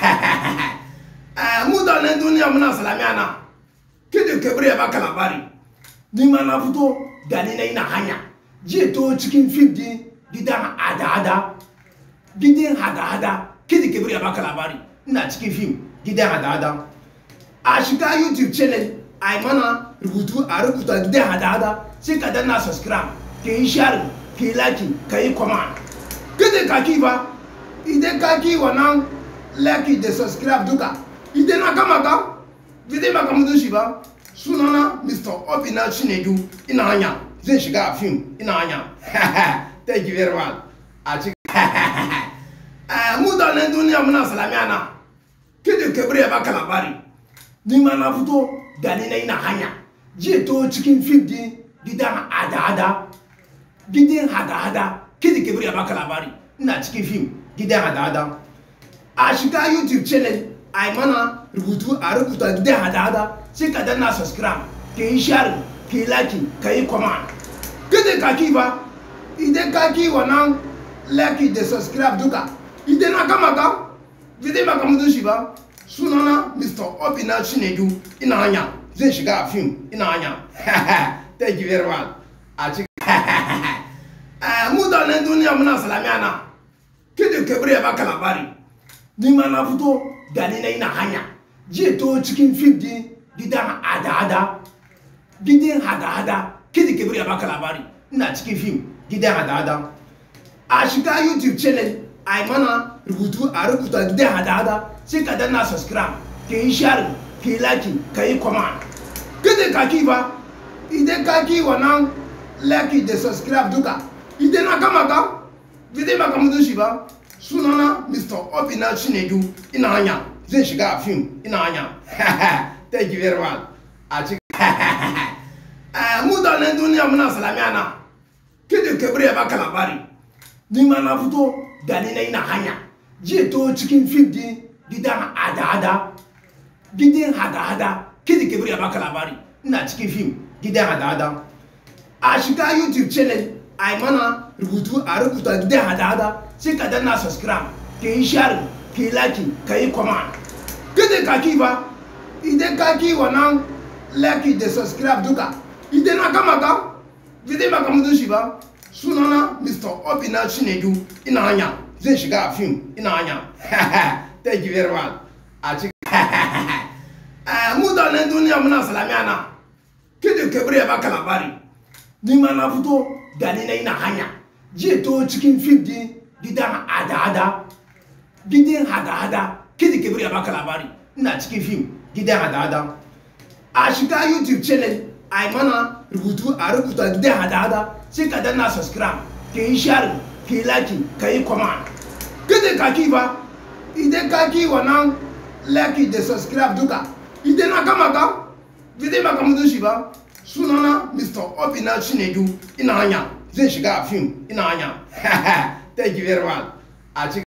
Eh, mutanen duniya muna salamiya na kidin kabir ya baka labari ni ma na fito da na yi hanya jiya to cikin fim din gidan hada-hada gidan hada-hada kidin kabir ya baka labari ina cikin fim gidan hada-hada a shiga youtube channel a mana rubutu a rubuta gidan hada-hada sai ka danna subscribe ka yi share ka laki ka yi comment ka ki ba idan ki wannan leki jesuskrav duka ite n'aka maka vide maka m doshiba sunana mr obina chinedu ị na-anya zai shiga fim ị na-anya thank you very much eh, mutanen duniya muna salamiya na kede kebire ba kalabari ni ma na fito da ni na ina hanya je to cikin fim din gidan hada-hada gidan hada-hada kede kebire ba kalabari ina cikin fim gidan hada-hada a shiga youtube channel a mana rubutu a rubuta da hada-hada sai ka danna subscribe ka yi share ka yi laki ka yi kwama kada ka ki ba idan ka ki wannan laki da subscribe duka idan na kama ka idan ba ka mutu shi ba sunana mr obina chinedu ina hanya zai shiga a fim ina hanya thank you very much a cikin mutanen duniya muna salamiya na kidin kabir ya baka labari ni ma na fito gani na ina hanya je to cikin fim din gidan hada-hada gidan hada-hada kidi kebiri ya baka labari ina cikin fim gidan hada-hada a shiga youtube channel a mana rubutu a rubuta gidan hada-hada sai ka n'a subscribe ka yi share ka yi laki ka yi comment gidan kaki ba idan kaki wannan laki da subscribe duka idan na kama ka gidan ba mutu shi ba sunana mr obina shinedu ina anya zai shiga a fim ina anya thank you very much a cikin eh, mutanen duniya muna salamiya na kidin kabir ya baka labari ni ma na fito gani na ina hanya jiya to cikin fim din gidan hada-hada gidan hada-hada kidin kabir ya baka labari ina cikin fim gidan hada-hada a shiga youtube channel a yi mana rubutu a rubuta gidan hada-hada sai ka danna subscribe ka yi share ka yi like ka yi comment kada ka ki ba idan ka ki wannan like da subscribe duka idan na gama ka zai maka mutunci ba sunana mr obina shinedu ina hanya zai shiga a film, ina hanya thank you very much a cikin mutanen duniya muna salamiya na kidin kabir ya baka labari ni ma na fito gani na ina hanya jiya to cikin fim din gidan hada-hada gidan hada-hada kidi kebiri ya baka labari ina cikin fim gidan hada-hada a shiga youtube channel a mana rubutu a rubuta gidan hada-hada sai ka danna subscribe ka yi share ka yi like ka yi comment gidan kaki ba idan kaki wannan like da subscribe duka idan na gama ka gidan ba ka mutu shi ba sunana mr obina chinedu ina anya zai shiga a fim ina anya thank you very much